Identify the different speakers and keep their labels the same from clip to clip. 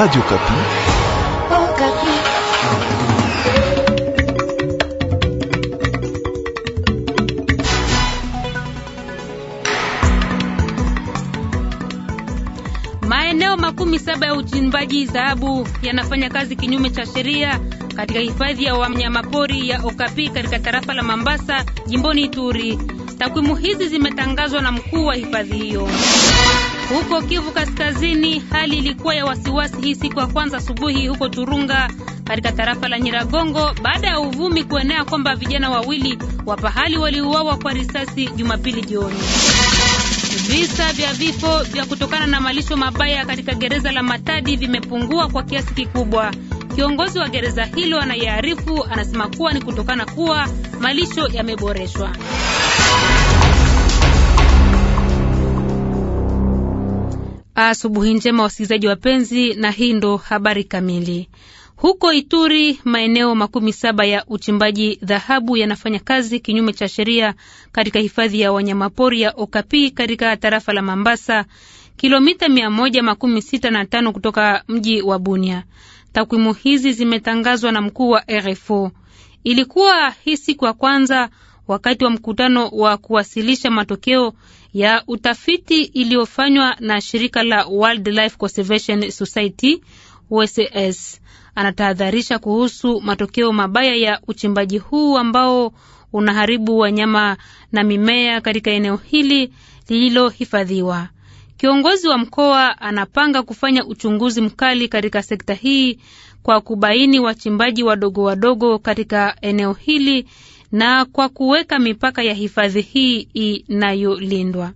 Speaker 1: Radio Kapi. Oh, Kapi.
Speaker 2: Maeneo makumi saba ya uchimbaji dhahabu yanafanya kazi kinyume cha sheria katika hifadhi ya wanyamapori ya Okapi katika tarafa la Mambasa jimboni Ituri. Takwimu hizi zimetangazwa na mkuu wa hifadhi hiyo. Huko Kivu Kaskazini, hali ilikuwa ya wasiwasi hii siku ya kwanza asubuhi huko Turunga katika tarafa la Nyiragongo baada ya uvumi kuenea kwamba vijana wawili wa pahali waliuawa kwa risasi Jumapili jioni. Visa vya vifo vya kutokana na malisho mabaya katika gereza la Matadi vimepungua kwa kiasi kikubwa. Kiongozi wa gereza hilo anayearifu anasema kuwa ni kutokana kuwa malisho yameboreshwa. Asubuhi njema wasikilizaji wapenzi, na hii ndo habari kamili. Huko Ituri, maeneo makumi saba ya uchimbaji dhahabu yanafanya kazi kinyume cha sheria katika hifadhi ya wanyamapori ya Okapi katika tarafa la Mambasa, kilomita mia moja makumi sita na tano kutoka mji wa Bunia. Takwimu hizi zimetangazwa na mkuu wa RFO. Ilikuwa hii siku ya kwanza wakati wa mkutano wa kuwasilisha matokeo ya utafiti iliyofanywa na shirika la Wildlife Conservation Society WCS. Anatahadharisha kuhusu matokeo mabaya ya uchimbaji huu ambao unaharibu wanyama na mimea katika eneo hili lililohifadhiwa. Kiongozi wa mkoa anapanga kufanya uchunguzi mkali katika sekta hii kwa kubaini wachimbaji wadogo wadogo katika eneo hili na kwa kuweka mipaka ya hifadhi hii inayolindwa.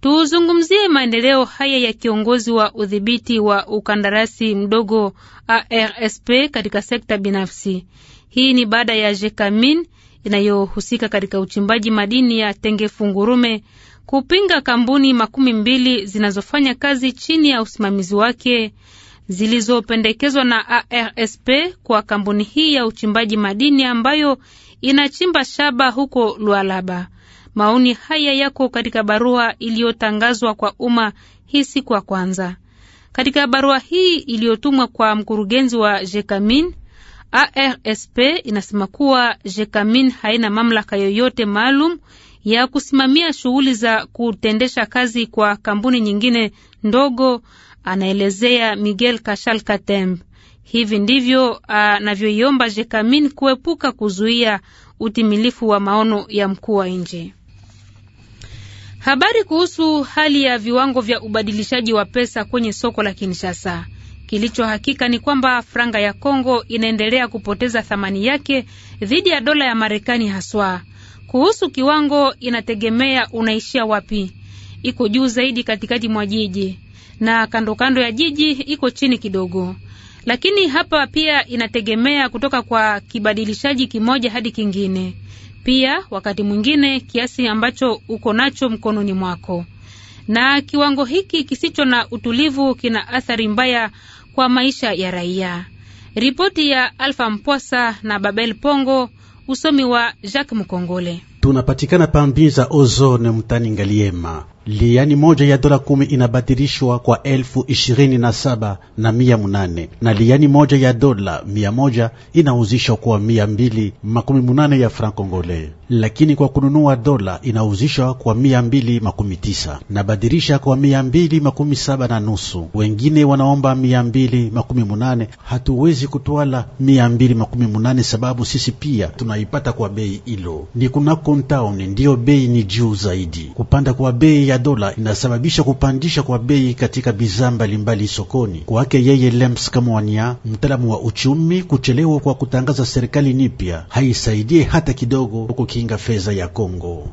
Speaker 2: Tuzungumzie maendeleo haya ya kiongozi wa udhibiti wa ukandarasi mdogo ARSP katika sekta binafsi. Hii ni baada ya Jekamin inayohusika katika uchimbaji madini ya ngurume kupinga kampuni makumi mbili zinazofanya kazi chini ya usimamizi wake zilizopendekezwa na ARSP kwa kampuni hii ya uchimbaji madini ambayo inachimba shaba huko Lualaba. Maoni haya yako katika barua iliyotangazwa kwa umma hii siku ya kwanza. Katika barua hii iliyotumwa kwa mkurugenzi wa Jekamin, ARSP inasema kuwa Jekamin haina mamlaka yoyote maalum ya kusimamia shughuli za kutendesha kazi kwa kampuni nyingine ndogo anaelezea Miguel Kashal Katembe. Hivi ndivyo anavyoiomba Jekamin kuepuka kuzuia utimilifu wa maono ya mkuu wa nje Habari kuhusu hali ya viwango vya ubadilishaji wa pesa kwenye soko la Kinshasa. Kilicho hakika ni kwamba franga ya Kongo inaendelea kupoteza thamani yake dhidi ya dola ya Marekani haswa. Kuhusu kiwango, inategemea unaishia wapi. Iko juu zaidi katikati mwa jiji na kando kando ya jiji iko chini kidogo, lakini hapa pia inategemea kutoka kwa kibadilishaji kimoja hadi kingine, pia wakati mwingine kiasi ambacho uko nacho mkononi mwako. Na kiwango hiki kisicho na utulivu kina athari mbaya kwa maisha ya raia. Ripoti ya Alfa Mposa na Babel Pongo, usomi wa Jacques Mkongole.
Speaker 3: Tunapatikana pambi za ozone mtani Ngaliema liani moja ya dola kumi inabadilishwa kwa elfu ishirini na saba na mia munane na liani moja ya dola mia moja inauzishwa kwa mia mbili makumi munane ya franc congolais, lakini kwa kununua dola inauzishwa kwa mia mbili makumi tisa na badilisha kwa mia mbili makumi saba na nusu. Wengine wanaomba mia mbili makumi munane hatuwezi kutwala mia mbili makumi munane sababu sisi pia tunaipata kwa bei ilo. Ni kuna ntauni ndiyo bei ni juu zaidi, kupanda kwa bei ya ya dola inasababisha kupandisha kwa bei katika bidhaa mbalimbali sokoni. Kwake yeye Lems Kamwania, mtaalamu wa uchumi, kuchelewa kwa kutangaza serikali nipya haisaidie hata kidogo kukinga fedha ya Kongo.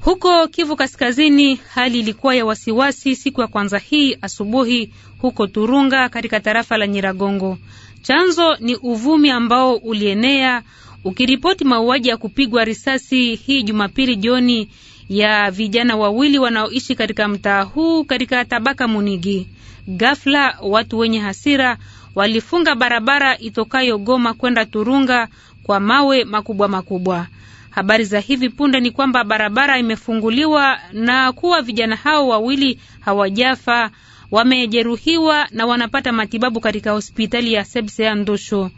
Speaker 2: Huko Kivu Kaskazini, hali ilikuwa ya wasiwasi siku ya kwanza hii asubuhi huko Turunga katika tarafa la Nyiragongo. Chanzo ni uvumi ambao ulienea ukiripoti mauaji ya kupigwa risasi hii Jumapili jioni ya vijana wawili wanaoishi katika mtaa huu katika tabaka Munigi. Ghafla watu wenye hasira walifunga barabara itokayo Goma kwenda Turunga kwa mawe makubwa makubwa. Habari za hivi punde ni kwamba barabara imefunguliwa na kuwa vijana hao wawili hawajafa, wamejeruhiwa na wanapata matibabu katika hospitali ya Sebse ya Ndosho.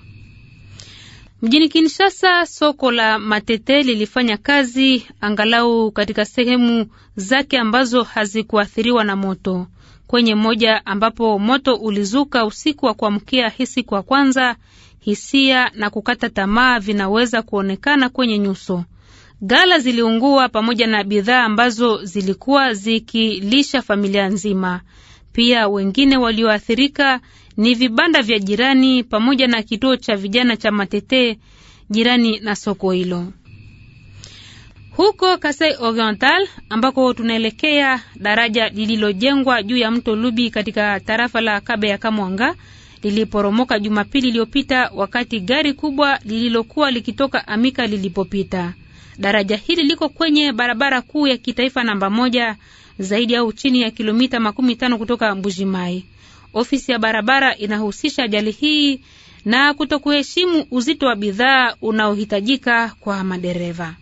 Speaker 2: Mjini Kinshasa, soko la Matete lilifanya kazi angalau katika sehemu zake ambazo hazikuathiriwa na moto. Kwenye moja ambapo moto ulizuka usiku wa kuamkia hii siku ya kwanza, hisia na kukata tamaa vinaweza kuonekana kwenye nyuso. Gala ziliungua pamoja na bidhaa ambazo zilikuwa zikilisha familia nzima. Pia wengine walioathirika ni vibanda vya jirani pamoja na kituo cha vijana cha Matete jirani na soko hilo. Huko Kasai Oriental ambako tunaelekea, daraja lililojengwa juu ya mto Lubi katika tarafa la Kabe ya Kamwanga liliporomoka Jumapili iliyopita wakati gari kubwa lililokuwa likitoka Amika lilipopita. Daraja hili liko kwenye barabara kuu ya kitaifa namba moja, zaidi au chini ya kilomita makumi tano kutoka Mbujimai ofisi ya barabara inahusisha ajali hii na kutokuheshimu uzito wa bidhaa unaohitajika kwa madereva.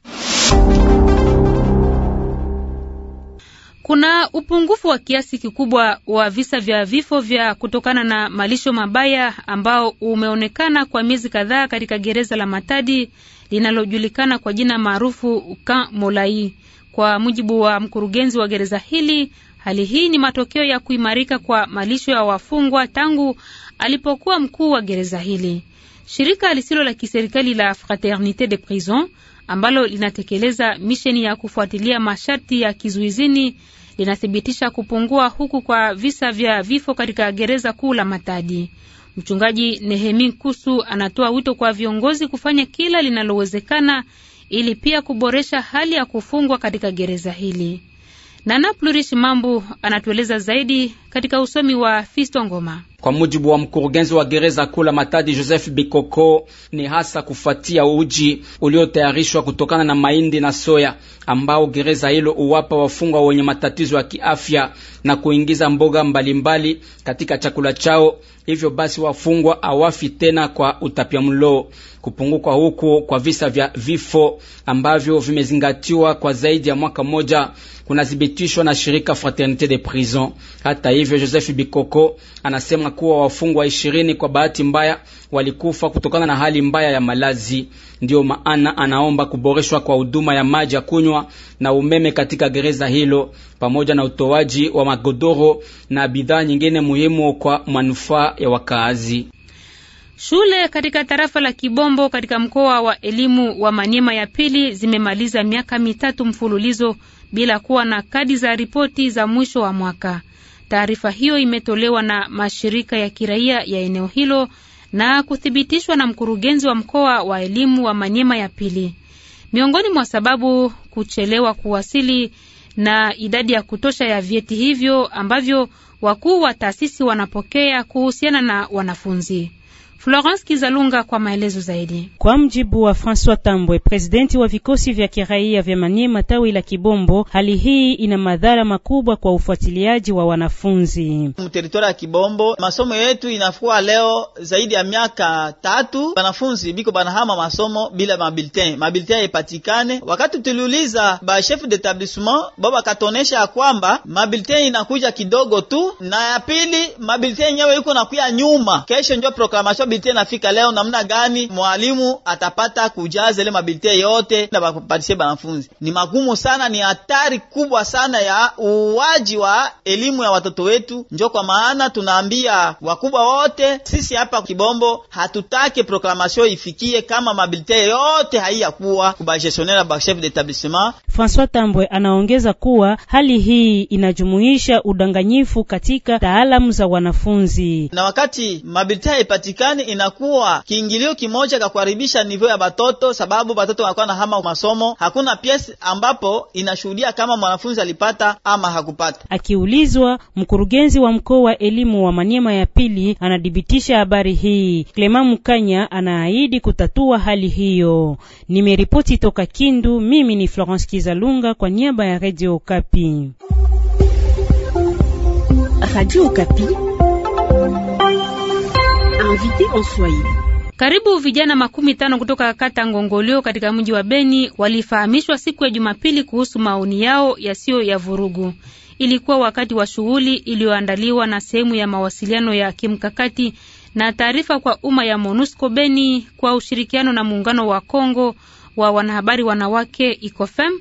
Speaker 2: Kuna upungufu wa kiasi kikubwa wa visa vya vifo vya kutokana na malisho mabaya ambao umeonekana kwa miezi kadhaa katika gereza la Matadi linalojulikana kwa jina maarufu Camp Molai. Kwa mujibu wa mkurugenzi wa gereza hili, Hali hii ni matokeo ya kuimarika kwa malisho ya wafungwa tangu alipokuwa mkuu wa gereza hili. Shirika lisilo la kiserikali la Fraternite de Prison ambalo linatekeleza misheni ya kufuatilia masharti ya kizuizini linathibitisha kupungua huku kwa visa vya vifo katika gereza kuu la Matadi. Mchungaji Nehemi Kusu anatoa wito kwa viongozi kufanya kila linalowezekana ili pia kuboresha hali ya kufungwa katika gereza hili. Nana Plurish Mambu anatueleza zaidi katika usomi wa Fisto Ngoma.
Speaker 4: Kwa mujibu wa mkurugenzi wa gereza kuu la Matadi Joseph Bikoko, ni hasa kufuatia uji uliotayarishwa kutokana na mahindi na soya ambao gereza hilo uwapa wafungwa wenye matatizo ya kiafya na kuingiza mboga mbalimbali mbali katika chakula chao. Hivyo basi wafungwa hawafi tena kwa utapiamlo. Kupungukwa huku kwa visa vya vifo ambavyo vimezingatiwa kwa zaidi ya mwaka mmoja kunathibitishwa na shirika Fraternite de Prison. Hata hivyo, Joseph Bikoko anasema kuwa wafungwa ishirini kwa bahati mbaya walikufa kutokana na hali mbaya ya malazi. Ndiyo maana anaomba kuboreshwa kwa huduma ya maji ya kunywa na umeme katika gereza hilo pamoja na utoaji wa magodoro na bidhaa nyingine muhimu kwa manufaa ya wakaazi.
Speaker 2: Shule katika tarafa la Kibombo katika mkoa wa elimu wa manyema ya pili zimemaliza miaka mitatu mfululizo bila kuwa na kadi za ripoti za mwisho wa mwaka. Taarifa hiyo imetolewa na mashirika ya kiraia ya eneo hilo na kuthibitishwa na mkurugenzi wa mkoa wa elimu wa Manyema ya pili. Miongoni mwa sababu kuchelewa kuwasili na idadi ya kutosha ya vyeti hivyo ambavyo wakuu wa taasisi wanapokea kuhusiana na wanafunzi. Florence Kizalunga kwa maelezo zaidi. Kwa mjibu wa Francois Tambwe, presidenti wa vikosi vya kiraia vya Maniema tawi la Kibombo, hali hii ina madhara makubwa kwa ufuatiliaji wa wanafunzi
Speaker 4: mteritoria ya Kibombo. Masomo yetu inafua leo zaidi ya miaka tatu, wanafunzi biko banahama masomo bila mabiltin, mabiltin haipatikane. Wakati tuliuliza ba chef d'etablissement baba bakatonesha ya kwamba mabiltin inakuja kidogo tu, na ya pili mabiltin yenyewe iko nakuya nyuma. Kesho ndio proclamation mabulletin nafika leo, namna gani mwalimu atapata kujaza ile mabilite yote na bakupatie banafunzi? Ni magumu sana, ni hatari kubwa sana ya uwaji wa elimu ya watoto wetu. Njo kwa maana tunaambia wakubwa wote, sisi hapa Kibombo hatutake proklamasio ifikie kama mabilite yote haiyakuwa kubagestionnaire ba chef d'etablissement.
Speaker 2: François Tambwe anaongeza kuwa hali hii inajumuisha udanganyifu katika taalamu za wanafunzi
Speaker 4: na wakati mabilite haipatikani yani inakuwa kiingilio kimoja kakuharibisha nivyo ya batoto, sababu batoto wanakuwa na hama masomo. Hakuna piesi ambapo inashuhudia kama mwanafunzi alipata ama hakupata. Akiulizwa,
Speaker 2: mkurugenzi wa mkoa wa elimu wa Maniema ya pili anadhibitisha habari hii. Clement Mukanya anaahidi kutatua hali hiyo. Nimeripoti toka Kindu, mimi ni Florence Kizalunga kwa niaba ya Radio Okapi. Radio Okapi
Speaker 4: invité en Swahili.
Speaker 2: Karibu vijana makumi tano kutoka kata Ngongolio katika mji wa Beni walifahamishwa siku ya Jumapili kuhusu maoni yao yasiyo ya vurugu. Ilikuwa wakati wa shughuli iliyoandaliwa na sehemu ya mawasiliano ya kimkakati na taarifa kwa umma ya MONUSCO Beni kwa ushirikiano na muungano wa Kongo wa wanahabari wanawake ICOFEM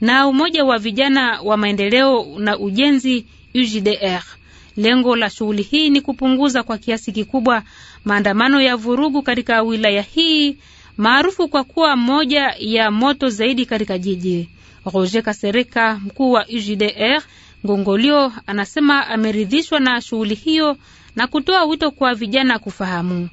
Speaker 2: na umoja wa vijana wa maendeleo na ujenzi UJDR. Lengo la shughuli hii ni kupunguza kwa kiasi kikubwa maandamano ya vurugu katika wilaya hii maarufu kwa kuwa moja ya moto zaidi katika jiji. Roger Kasereka, mkuu wa UJDR Ngongolio, anasema ameridhishwa na shughuli hiyo na kutoa wito kwa vijana kufahamu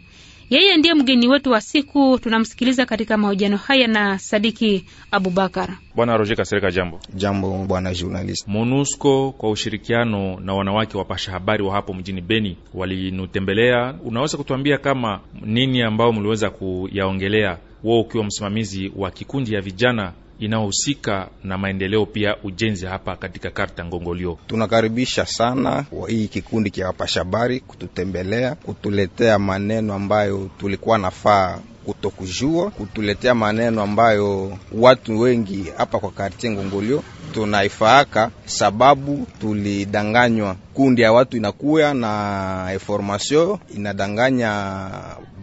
Speaker 2: yeye ndiye mgeni wetu wa siku, tunamsikiliza katika mahojiano haya na Sadiki Abubakar.
Speaker 1: Bwana Roje Kasereka, jambo. Jambo bwana journalist. MONUSCO kwa ushirikiano na wanawake wapasha habari wa hapo mjini Beni walinutembelea. Unaweza kutuambia kama nini ambayo mliweza kuyaongelea, wewe ukiwa msimamizi wa kikundi ya vijana inayohusika na maendeleo pia ujenzi hapa katika karta
Speaker 5: Ngongolio. Tunakaribisha sana hii kikundi kya wapashabari kututembelea, kutuletea maneno ambayo tulikuwa nafaa kutokujua, kutuletea maneno ambayo watu wengi hapa kwa karti Ngongolio tunaifaaka sababu tulidanganywa. Kundi ya watu inakuya na information inadanganya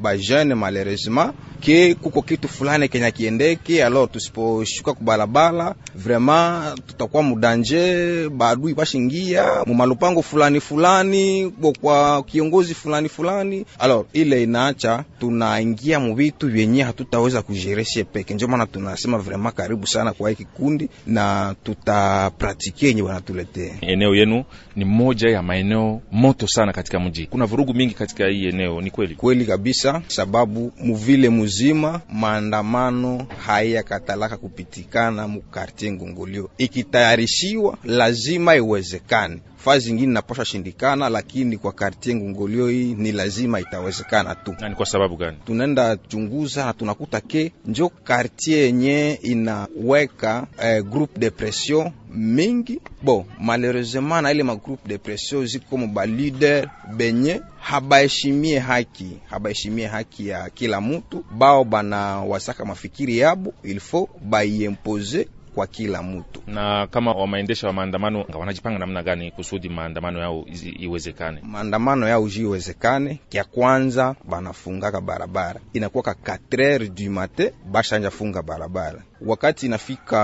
Speaker 5: bajene, malheureusement ke kuko kitu fulani kenya kiendeke. Alors tusiposhuka kubalabala, vraiment tutakuwa mudanje, baadui bashingia mumalupango fulani fulani kwa kiongozi fulani fulani. Alors ile inaacha tunaingia muvitu vyenye hatutaweza kujereshe peke. Ndio maana tunasema vraiment karibu sana kwa hiki kundi na tu tutapratike yenye
Speaker 1: wanatuletea. Eneo yenu ni moja ya maeneo moto sana katika mji, kuna
Speaker 5: vurugu mingi katika hii eneo. Ni kweli kweli kabisa, sababu muvile muzima maandamano haya katalaka kupitikana mukartie Ngongolio, ikitayarishiwa lazima iwezekane fazi zingine napasha shindikana, lakini kwa kartie Ngongolio hii ni lazima itawezekana tu. Na ni kwa sababu gani? Tunaenda chunguza na tunakuta ke njo kartie yenye inaweka eh, groupe de pression mingi bo, malheureusement na ile magroupe de pression ziko ba leader benye habaheshimie haki habaheshimie haki ya kila mutu, bao bana wasaka mafikiri yabo ilfo baiempoze kwa kila mtu.
Speaker 1: Na kama wamaendesha wa maandamano wanajipanga namna gani kusudi maandamano yao iwezekane?
Speaker 5: Maandamano yao jiwezekane, kya kwanza banafungaka barabara, inakuwaka 4h du matin bashanja funga barabara, wakati inafika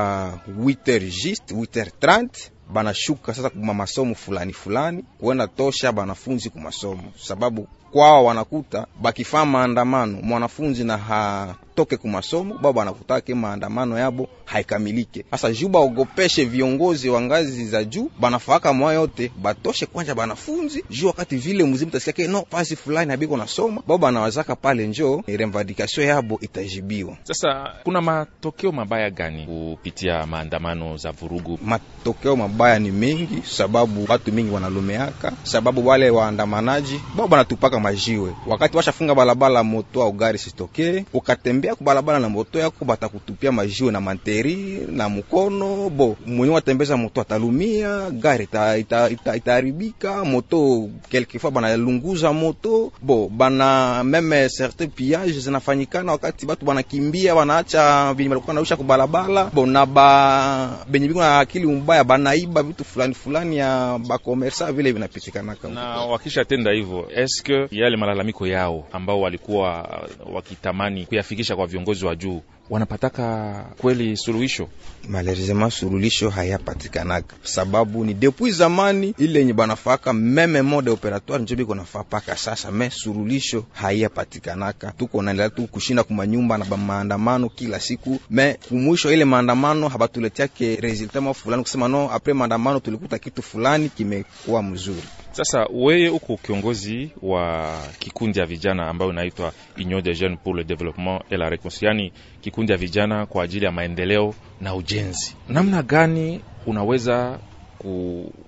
Speaker 5: 8h juste 8h30 banashuka sasa kuma masomo fulani fulani kuenda tosha banafunzi kumasomo, sababu kwao wanakuta bakifaa maandamano mwanafunzi na ha batoke kumasomo baba banakutake maandamano yabo haikamilike. Sasa juu baogopeshe viongozi wa ngazi za juu, banafaka mwa yote batoshe kwanja banafunzi juu wakati vile mzimu tasikia ke no pasi fulani habiko nasoma bao banawazaka pale, njo revendication yabo itajibiwa. Sasa kuna matokeo mabaya gani kupitia maandamano za vurugu? Matokeo mabaya ni mengi, sababu watu mingi wanalumeaka, sababu wale waandamanaji bao banatupaka majiwe wakati washafunga balabala, moto au gari sitokee ukatembea kutembea kubalabala na moto yako, batakutupia majiwe na manteri na mukono bo. Mwenye watembeza moto atalumia, gari itaharibika, ita, ita moto kelkefois banalunguza moto bo, bana meme certain pillage zinafanyikana wakati batu banakimbia, banaacha vinyi balikuwa nausha kubalabala bo, na ba benye biko na akili mbaya banaiba vitu fulani fulani ya bakomersa vile vinapitikana
Speaker 1: kama na tenda hivyo, eske yale malalamiko yao ambao walikuwa wakitamani kuyafikisha kwa viongozi wa juu
Speaker 5: wanapataka kweli suluhisho. Malerizema suluhisho hayapatikanaka sababu ni depuis zamani ile yenye banafaka meme mode operatoire njo biko nafaa paka sasa, me suluhisho hayapatikanaka. Tuko naendelea tu kushinda kumanyumba na maandamano kila siku, me kumwisho ile maandamano habatuletiake resultat ma fulani kusema no, apres maandamano tulikuta kitu fulani kimekuwa mzuri.
Speaker 1: Sasa weye uko kiongozi wa kikundi ya vijana ambayo unaitwa Union des Jeunes pour le Développement et la Reconciliation, yani makundi ya vijana kwa ajili ya maendeleo na ujenzi. Namna gani unaweza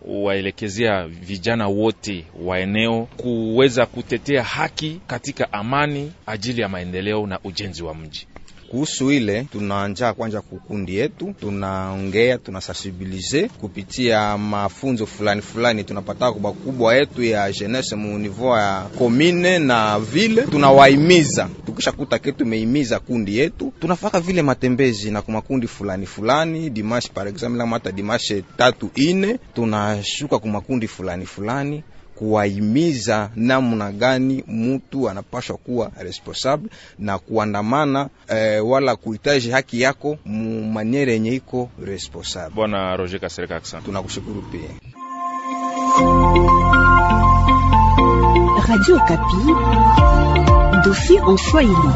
Speaker 1: kuwaelekezea vijana wote wa eneo kuweza kutetea haki katika amani ajili ya maendeleo na ujenzi wa mji?
Speaker 5: kuhusu ile tunaanja kwanja kukundi yetu, tunaongea tunasensibilize kupitia mafunzo fulani fulani tunapata kwa kubwa yetu ya jeunesse mu niveau ya komine na vile, tunawaimiza kuta kitu tumeimiza kundi yetu, tunafaka vile matembezi na kumakundi fulani fulani, dimashi par exemple, hata dimashi tatu ine tunashuka kumakundi fulani fulani kuwahimiza namna gani mtu anapaswa kuwa responsable na kuandamana eh, wala kuhitaji haki yako mu maniere yenye iko responsable.
Speaker 1: Bwana Roger Kasereka, asante, tunakushukuru pia.
Speaker 2: Radio Kapi, dossier en Swahili.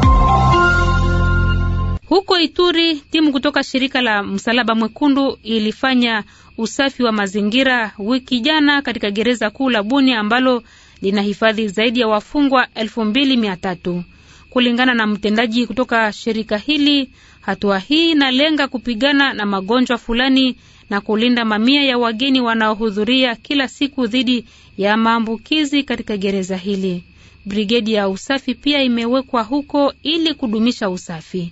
Speaker 2: Huko Ituri, timu kutoka shirika la Msalaba Mwekundu ilifanya usafi wa mazingira wiki jana katika gereza kuu la Bunia ambalo linahifadhi zaidi ya wafungwa elfu mbili mia tatu. Kulingana na mtendaji kutoka shirika hili, hatua hii inalenga kupigana na magonjwa fulani na kulinda mamia ya wageni wanaohudhuria kila siku dhidi ya maambukizi katika gereza hili. Brigedi ya usafi pia imewekwa huko ili kudumisha usafi.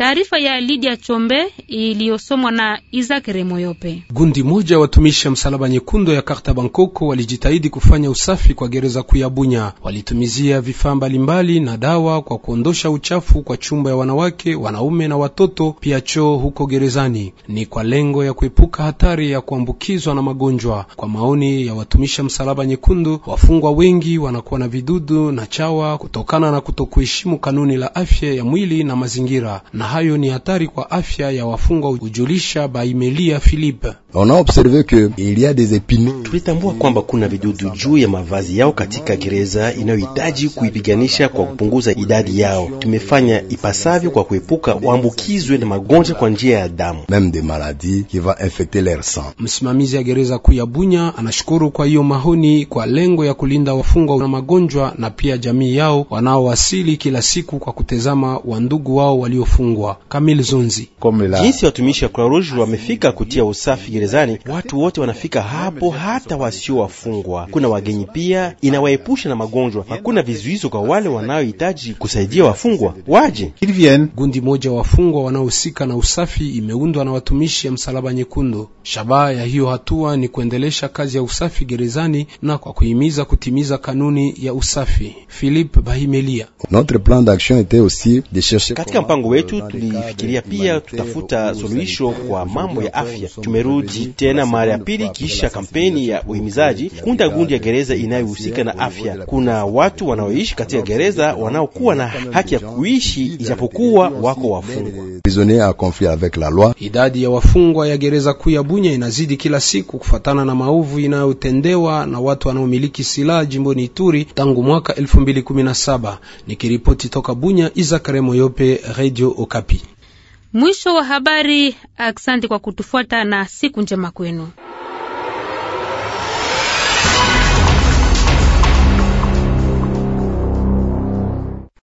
Speaker 2: Taarifa ya lidia Chombe iliyosomwa na Isaac Remoyope.
Speaker 3: Gundi moja watumishi ya Msalaba Nyekundu ya Karta Bankoko walijitahidi kufanya usafi kwa gereza kuu ya Bunya. Walitumizia vifaa mbalimbali na dawa kwa kuondosha uchafu kwa chumba ya wanawake, wanaume na watoto, pia choo huko gerezani. Ni kwa lengo ya kuepuka hatari ya kuambukizwa na magonjwa. Kwa maoni ya watumishi ya Msalaba Nyekundu, wafungwa wengi wanakuwa na vidudu na chawa kutokana na kutokuheshimu kanuni la afya ya mwili na mazingira na hayo ni hatari kwa afya ya wafungwa, hujulisha Baimelia Philippe.
Speaker 5: On a observé que il y a
Speaker 3: des épines. Tulitambua kwamba kuna vidudu juu ya mavazi yao katika gereza inayohitaji kuipiganisha kwa kupunguza idadi yao. Tumefanya ipasavyo kwa kuepuka waambukizwe na magonjwa kwa njia ya damu, même des maladies qui va infecter leur sang. Msimamizi ya gereza kuu ya Bunya anashukuru kwa hiyo mahoni kwa lengo ya kulinda wafungwa na magonjwa na pia jamii yao wanaowasili kila siku kwa kutezama wandugu wao waliofungwa wa Kamil Zunzi. Jinsi watumishi wa Croix-Rouge wamefika kutia usafi gerezani, watu wote wanafika hapo, hata wasiowafungwa. Kuna wagenyi pia, inawaepusha na magonjwa. Hakuna vizuizo kwa wale wanaohitaji kusaidia wafungwa waje. Gundi moja wafungwa wanaohusika na usafi imeundwa na watumishi ya Msalaba Nyekundu. Shabaha ya hiyo hatua ni kuendelesha kazi ya usafi gerezani na kwa kuhimiza kutimiza kanuni ya usafi. Philip Bahimelia:
Speaker 5: Notre plan d'action était aussi de chercher katika mpango
Speaker 3: wetu tulifikiria pia tutafuta suluhisho kwa mambo ya afya. Tumerudi tena mara ya pili kisha kampeni ya uhimizaji kunda gundi ya gereza inayohusika na afya. Kuna watu wanaoishi katika gereza wanaokuwa na haki ya kuishi ijapokuwa wako wafungwa. Idadi ya wafungwa ya gereza kuu ya Bunya inazidi kila siku kufatana na maovu inayotendewa na watu wanaomiliki silaha jimboni Ituri tangu mwaka 2017. Nikiripoti toka Bunya, Izakaremo Yope, Radio Okapi.
Speaker 2: Mwisho wa habari. Asante kwa kutufuata na siku njema kwenu.